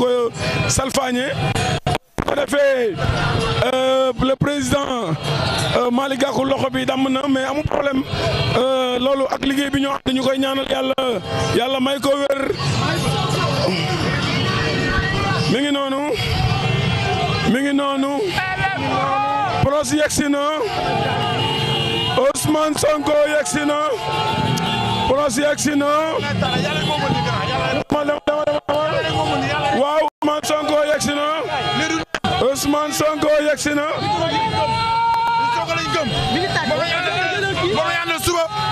ko euh, salfaañe ko defee euh, le président euh, Malick Gakou loxo bi damm na mais amul problème loolu ak liggéey bi ñoo ànd ñu koy ñaanal yàlla yàlla may ko wér mi ngi noonu mi ngi noonu Brosse yegsi na Ousmane Sonko yegsi na Brosse yegsi na Ousmane Sonko yegg si na. Ousmane Sonko yegg si na.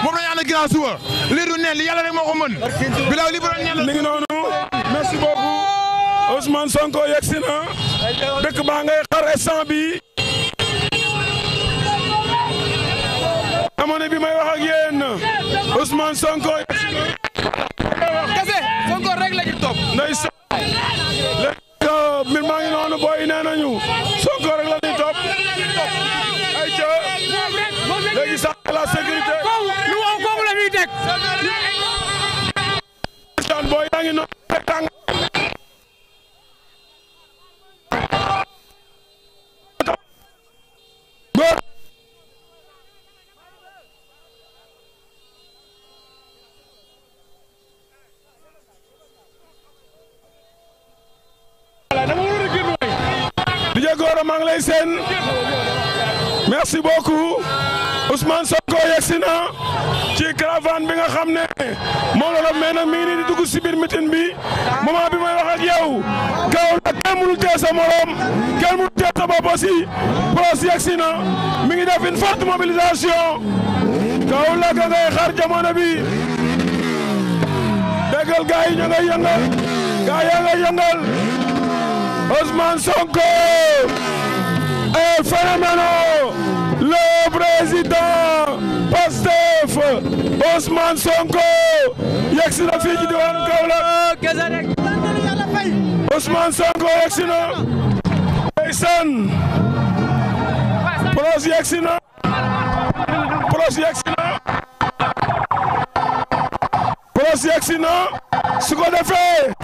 moom du neen li yàlla rek moo ko bilaw li bu doon neen la. mi Sonko yegg si na dëkk baa ngay xar instant bi amoon bi may wax ak yéen Ousmane Sonko yegg si na. mbir maa ngi noonu booy yi nee nañu Sonko rek la ñuy topp ay ca léegi sax la sécurité lu wow kooku la ñuy teg booy yaa ngi noonu Gora maa ngi lay seen merci beaucoup Ousmane yegsi na ci caravane bi nga xam ne moom la doon mais nag mi ngi si biir mitin bi moment bi may wax ak yow la kenn mënul tee sa morom kenn mënul tee sa bopp aussi yegsi na mi ngi def une forte la ka ngay xaar jamono bi déggal gaa yi ña ngay yëngal gaa yaa Ousmane Sonko est phénoménal le président Pastef Ousmane Sonko yegsi na fii ci diwaanu Kaolack Ousmane Sonko yegsi na ndeysaan Proche yegsi na Proche yegsi na Proche yegsi na su ko defee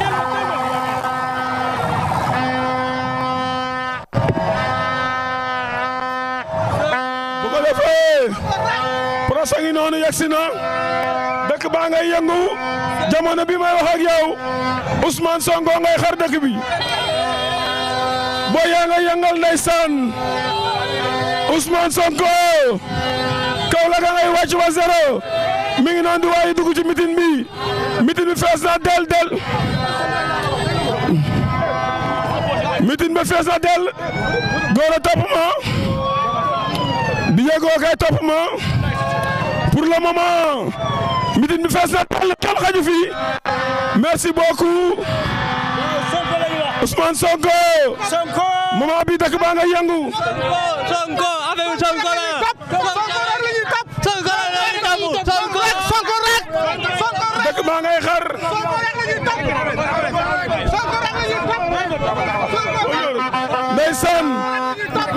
fas a ngi noonu yegsi baa ngay yëngu jamono bi may wax ak yow Ousmane ngay xar dëkk bi boo yaa nga yëngal ndeysaan Ousmane Sonko kaw la ngay wàcc ba zéro mi ngi noonu di waaye dugg ci mitin bi mitin bi fees na del del mitin bi fees na del góor a topp ma bi yëgoo kay topp ma pour le moment mitin bi fees na tàll kenn xaju fi merci beaucoup Ousmane Sonko Sonko bi dëkk baa nga Sonko rek Sonko rek dëkk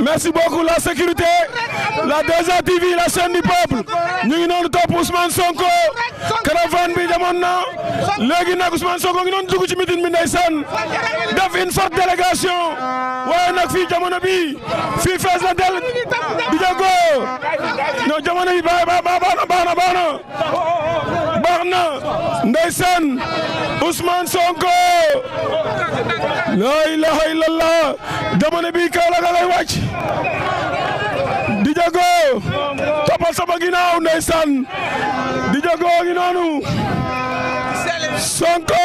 merci beaucoup la sécurité la 2STV la chaîne du peuple ñu ngi noonu topp Ousmane Sonko caravane bi demoon na léegi nag Ousmane Sonko ngi noonu dugg ci meeting bi ndeysaan def une forte waaye nag fii jamono bi fii fees na del di jamono bi baax na baax na baax na am na ndeysaan Ousmane Sonko la ilaha illallah jamono bi Kaolack a ngay wàcc di jago toppal sama ginaaw ndeysaan di jago ngi noonu Sonko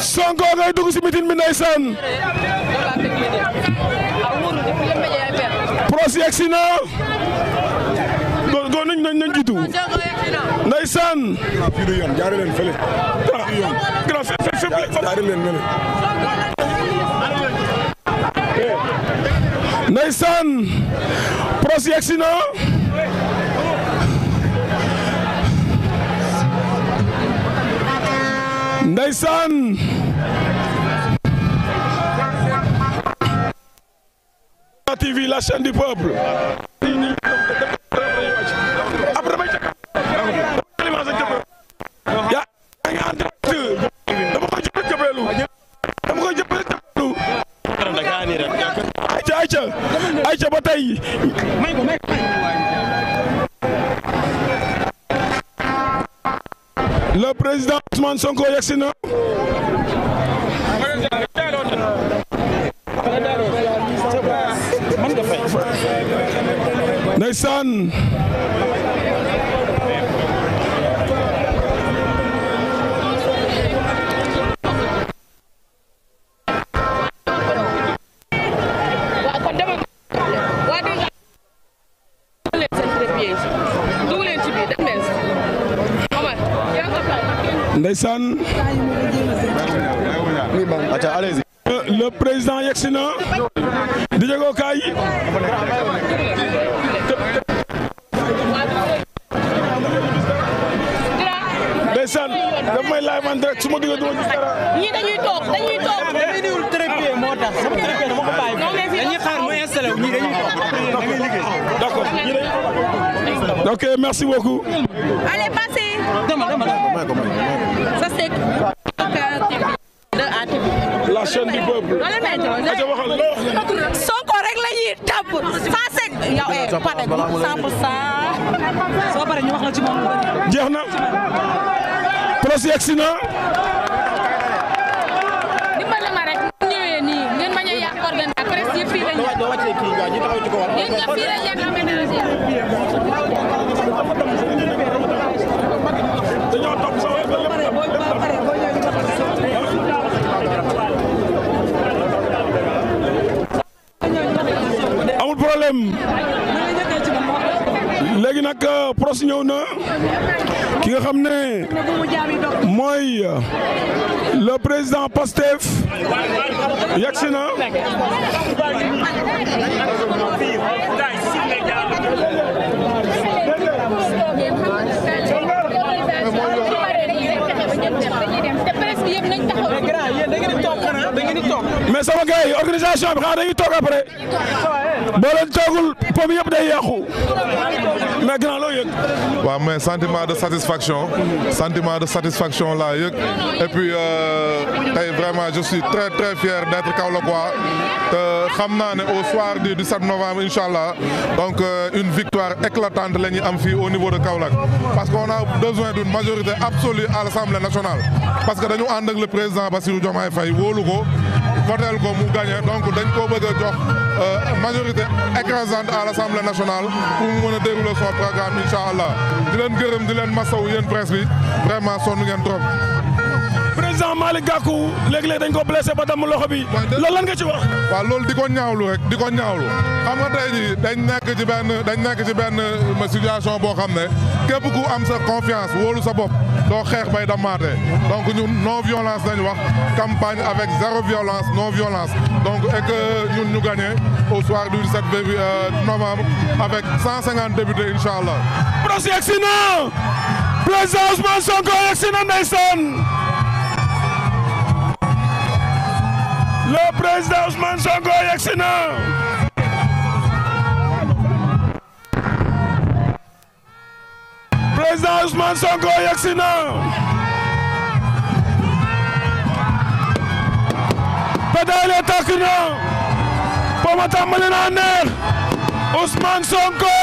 Sonko ngay dugg si mitin bi ndeysaan prosi yegsi na go nañ nañ jiitu ndeysaan fii du yoon jaare leen fële jaare leen fële ndeysaan Brosse yegsi na ndeysaan TV la chaîne du peuple Sonko yegsi na ndeysaan ndeysaan le président yegsi na di jegoo kaay ndeysaan daf may laaj man direct su ma duggee duma gis dara ñii dañuy toog dañuy toog dañuy niwul trépied moo tax sama trépied dama ko bàyyi dañuy xaar mu installé wu ñii dañuy toog da merci beaucoup allez passez dama dama dama c'est la chaîne du peuple. Sonko rek la ñuy tàpp sans sec yow eh Fatick 100% soo paree ñu wax la ci moom jeex na procès yegsi na. dimbali ma rek bu ñëwee nii ma ñëw yàq organe ak presse yëpp fii la ñu. yéen ñëpp fii la ñu aménagé. amul problème léegi nag euh, Pross ñëw na ki nga xam ne mooy euh, le président Pastef yegsi na mais sama gars yi organisation bi xanaa dañuy toog après boo leen toogul pom yëpp day yàqu mais grand loo yëg. waaw mais sentiment de satisfaction. sentiment de satisfaction laa yëg et puis euh, tey vraiment je suis très très fier d' être Kaolackois te xam naa ne au soir du 17 novembre incha allah donc euh, une victoire éclatante la ñuy am fii au niveau de Kaolack parce que on a besoin d' une majorité absolue à l' Assemblée nationale parce que dañu ànd ak le président Bassirou voteel ko mu gagné donc dañ koo bëgg a jox euh, majorité écrasante à l' assemblée nationale pour mu mën a dérouler son programme incha allah di leen gërëm di leen masawu yéen presse bi vraiment sonn ngeen trop. président Malick Gakou léegi-léegi dañ ko blessé ba damm loxo bi loolu lan nga ci wa waaw loolu di ko ñaawlu rek di ko ñaawlu xam nga tey jii dañ nekk ci benn dañ nekk ci benn euh, situation boo xam ne képp am sa confiance woolu sa bopp doo xeex bay damaate donc ñun non violence lañ wax campagne avec zéro violence non violence donc et que ñun ñu au soir du 17 euh, novembre avec 150 députés incha président Ousmane Sonko yegg si na le président Ousmane Sonko yegg si na président Ousmane Sonko yegsi na pédale takk na bama tàmbali na neex Ousmane Sonko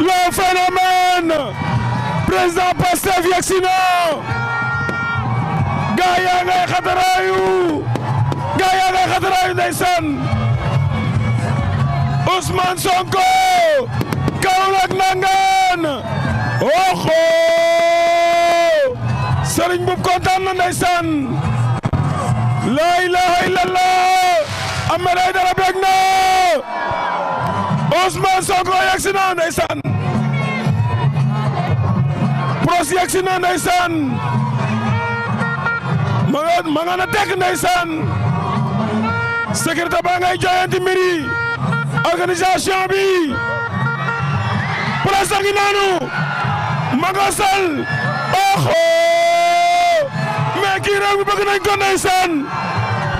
le phénomène président Pastef yegsi na gaa yaa ngay xataraayu gaa yaa ngay xataraayu ndeysaan Ousmane Sonko Kaolack nangaan oxo sëriñ bub kontaan na ndeysaan la ilaha illallah Ahmed Aidara bég na Ousmane Sonko yegsi na ndeysaan na ndeysaan ma nga ma nga na tekk ndeysaan sécurité ba ngay joyanti mbir yi organisation bi presse a ngi ma nga sol oxo mais kii réew mi bëgg nañ ko ndeysaan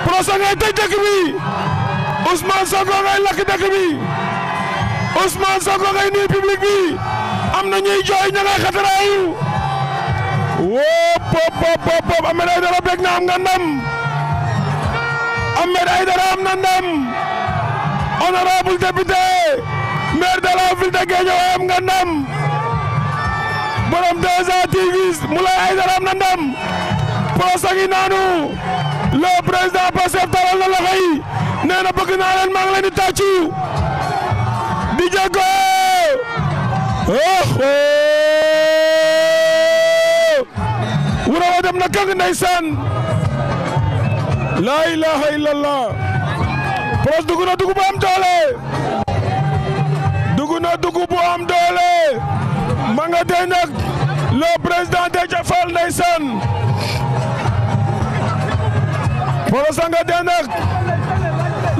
procès ngay tëj dëkk bi Ousmane Sonko ngay lakk dëkk bi Ousmane Sonko ngay nuyu public bi am na ñuy jooy ña ngay xataraayu woo pop pop pop Ahmed Aïdara bég na am nga ndam Ahmed Aïdara am na ndam honorable député maire de la ville de Guédiawaye am nga borom 2A TV Moulay Aïdara am na ndam Pros a ngi naanu le président Pastef taral na loxo nee na bëgg naa leen maa leen di tàccu di jéego wura wa na kang ndeysaan laa ilaha illallah Pros dugg na am doole dugg na am doole ma nga tey nag le président Déthié Fall ndeysaan Porokhane nga tey nag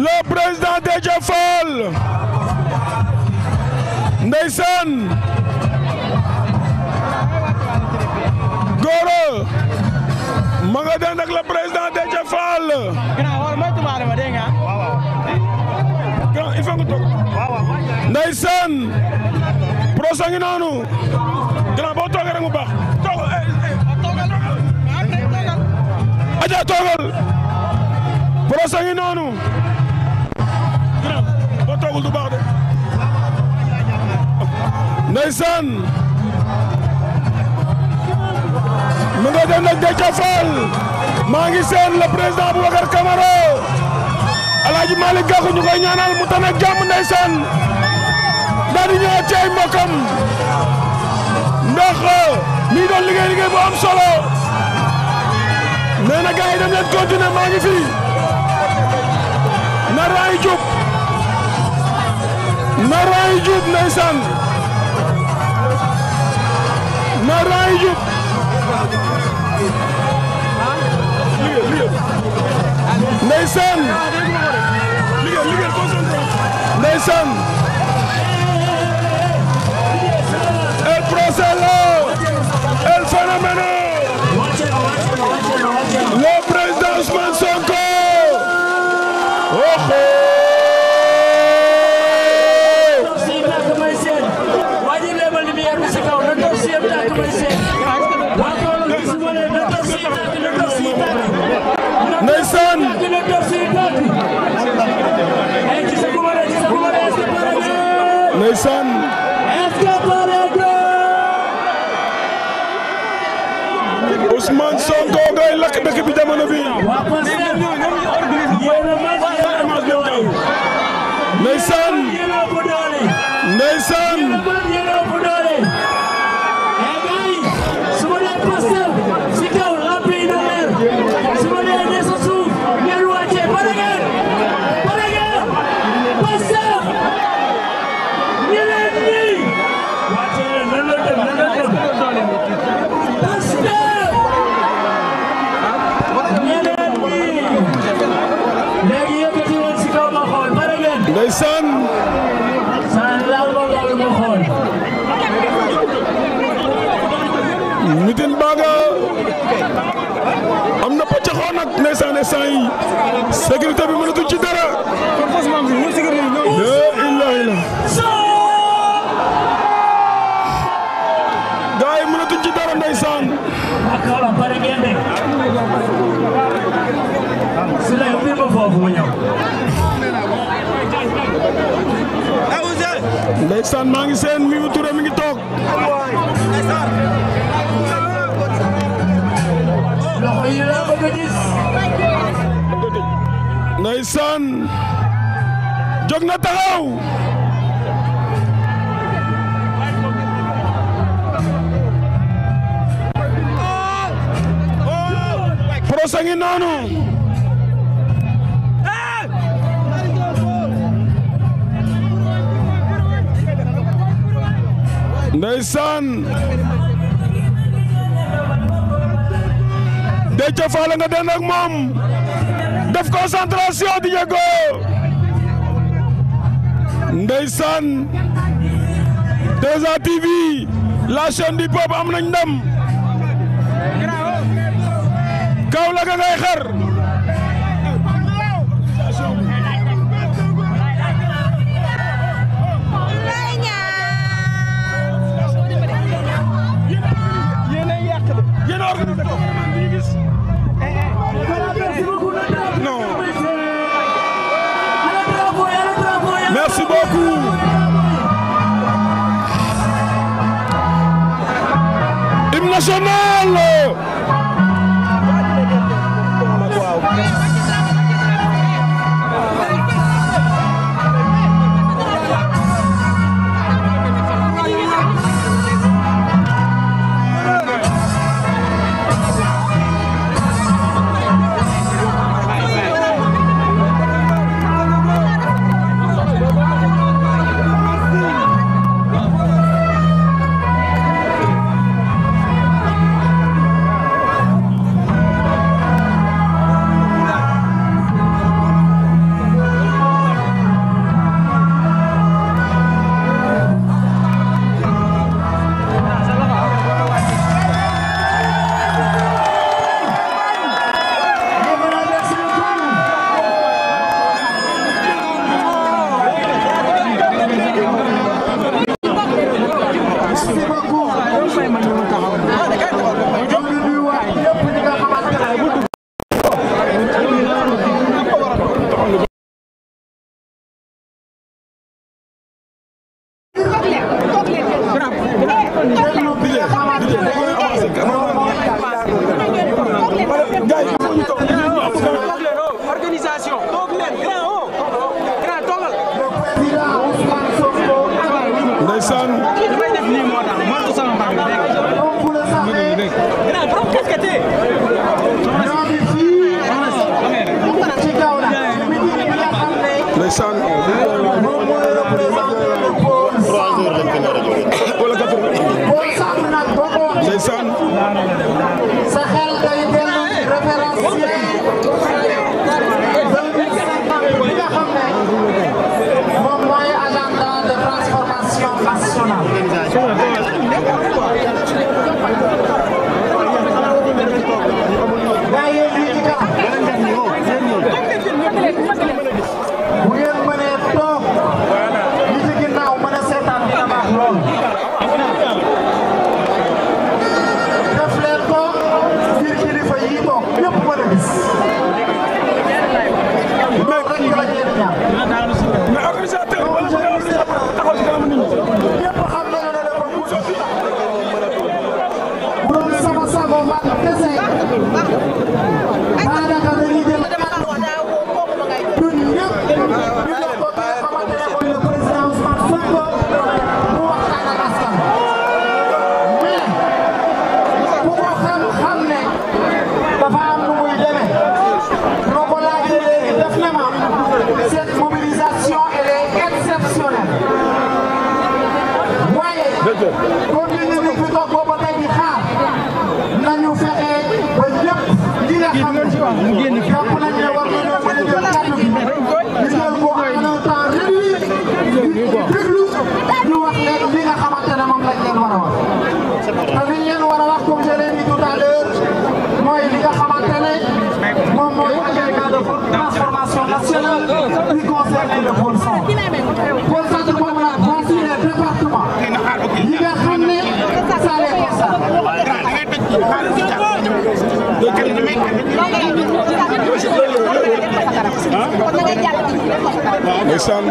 le président Déthié Fall ndeysaan góor ma nga tey nag président Déthié Fall. ndeysaan projet ngi noonu grand boo toogee rek mu aja eh, eh. toogal projet ngi noonu grand boo toogul du baax de ndeysaan mu nga dem nag Déthié Fall maa ngi seen le président Boubacar Camara Alaaji Malick Gakou ñu koy ñaanal mu tane ak jàmm ndeysaan daal di ñëwaat ci ndax lii euh, doon liggéey liggéey bu solo nee na dem leen continuer maa ngi fi na raay jub na raay na raay jub ndeysaan ndeysaan el procès sécurité bi mënatuñ ci dara. kon fas maa ngi fi sécurité bi ñoom. gars yi mënatuñ ci dara ndeysaan. ndeysaan maa ngi seen mi mu mi ngi toog. ndeysaan jóg na taxaw procès noonu ndeysaan Déthié Fall nga den moom def concentration di Diego ndeysaan 2A TV la chaîne du am nañ ndam Kaolack ngay xar national li may def nii moo tax moytu sama mbaa mi dégg nga. gannaaw borom kese kese. ndeysaan. ndeysaan. sa xel day dellu référence li nga xam ne moom mooy agenda de transformation nationale. waaye li mu génn fi transformation nationale qui concerne le bon sens. ah ndeysaan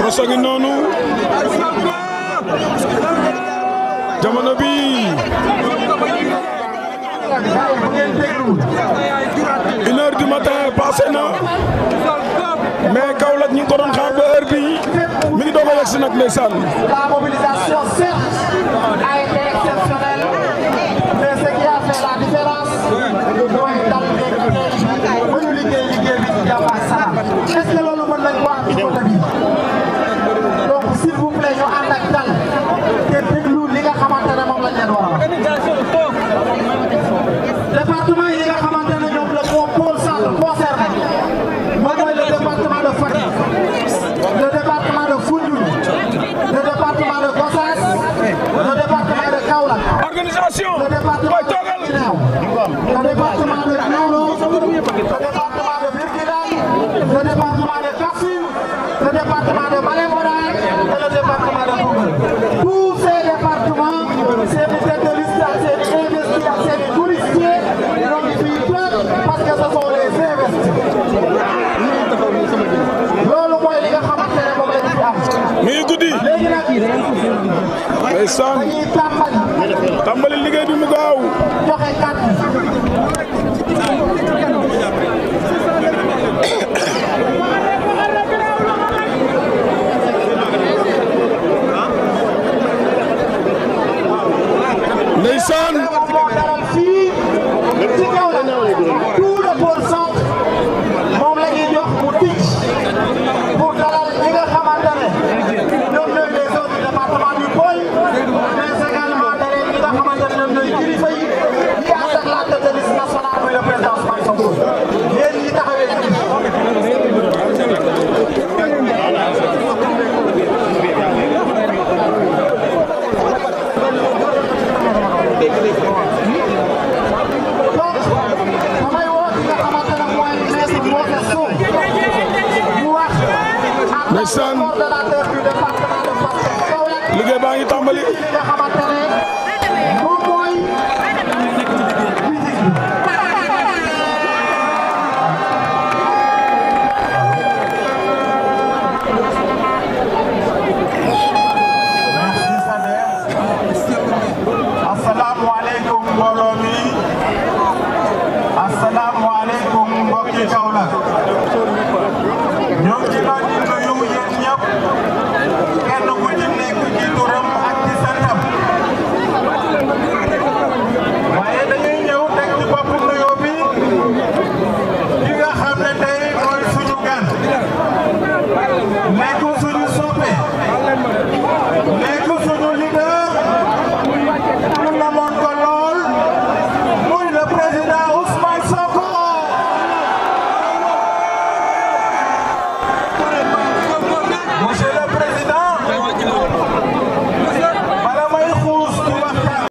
Brosso ngi noonu jamono bi une heure du matin passé na mais Kaolack ñu ngi ko doon ba heure mi ngi doog a yegsi nag ndeysaan tàmbali liggéey bi mu gaaw